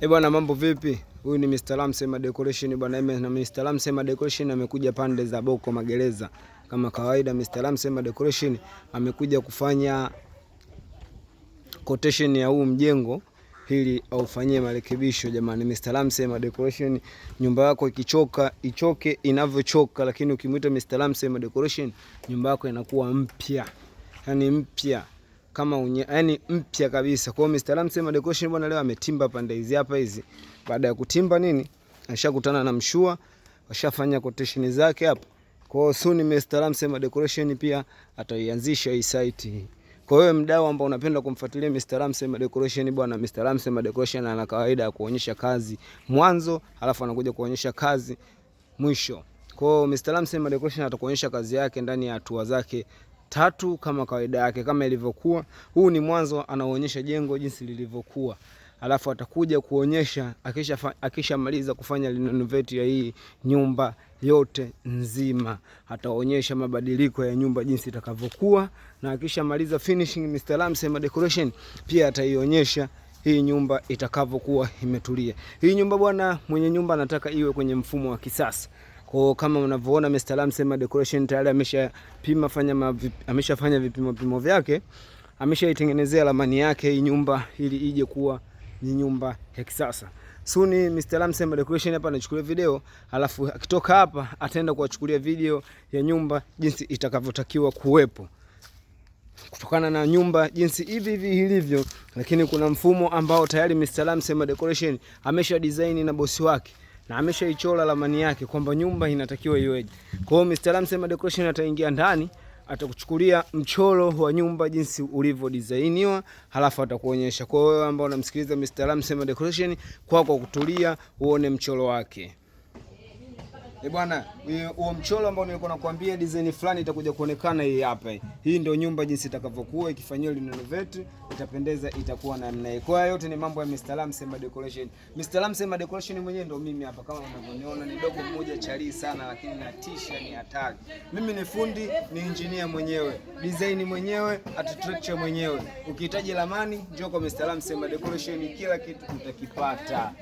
Eh, bwana mambo vipi? Huyu ni Mr. Ramsey Decoration bwana na Mr. Ramsey Decoration amekuja pande za Boko Magereza. Kama kawaida Mr. Ramsey Decoration amekuja kufanya quotation ya huu mjengo ili aufanyie marekebisho jamani. Mr. Ramsey Decoration, nyumba yako ikichoka ichoke inavyochoka, lakini ukimwita Mr. Ramsey Decoration nyumba yako inakuwa mpya, yaani mpya kama unye, yani mpya kabisa. Kwa hiyo Mr. sema decoration bwana leo ametimba pande hizi hapa hizi. Baada ya kutimba nini? Ashakutana na mshua, ashafanya quotation zake hapo. Kwa hiyo soon Mr. sema decoration pia ataianzisha hii site Kwa hiyo mdau ambao unapenda kumfuatilia Mr. sema Decoration bwana, Mr. sema Decoration ana kawaida ya kuonyesha kazi mwanzo, alafu anakuja kuonyesha kazi mwisho. Kwa hiyo Mr. sema Decoration atakuonyesha kazi yake ndani ya hatua zake tatu kama kawaida yake, kama ilivyokuwa. Huu ni mwanzo, anaonyesha jengo jinsi lilivyokuwa, alafu atakuja kuonyesha akishamaliza akisha kufanya renovate ya hii nyumba yote nzima, ataonyesha mabadiliko ya nyumba jinsi itakavyokuwa, na akishamaliza finishing, Mr. Ramsey ma decoration pia ataionyesha hii nyumba itakavyokuwa imetulia. Hii nyumba bwana, mwenye nyumba anataka iwe kwenye mfumo wa kisasa. Kwa kama unavyoona Mr. Lam sema decoration tayari ameshapima fanya ameshafanya vipimo vipimo vyake, ameshaitengenezea ramani yake hii nyumba ili ije kuwa ni nyumba ya kisasa. Suni Mr. Lam sema decoration hapa anachukulia video, alafu akitoka hapa ataenda kuwachukulia video ya nyumba jinsi itakavyotakiwa kuwepo kutokana na nyumba jinsi hivi hivi ilivyo, lakini kuna mfumo ambao tayari Mr. Lam sema decoration amesha design na bosi wake na ameshaichora ramani yake kwamba nyumba inatakiwa iweje. Kwa hiyo Mr. Lam Decoration ataingia ndani, atakuchukulia mchoro wa nyumba jinsi ulivyo designiwa, halafu atakuonyesha. Kwa hiyo ambao unamsikiliza Mr. Lam Decoration, kwa kwa kutulia uone mchoro wake. Eh, bwana, huo mchoro ambao nilikuwa nakwambia design fulani itakuja kuonekana hii hapa. Hii ndio nyumba jinsi itakavyokuwa ikifanyiwa renovate, itapendeza, itakuwa namna hii. Kwa yote ni mambo ya Mr. Lam Sema Decoration. Mr. Lam Sema Decoration mwenyewe ndio mimi hapa kama unavyoniona ni dogo mmoja chali sana lakini natisha ni hatari. Mimi ni fundi, ni engineer mwenyewe, design mwenyewe, architecture mwenyewe. Ukihitaji lamani, njoo kwa Mr. Lam Sema Decoration kila kitu utakipata.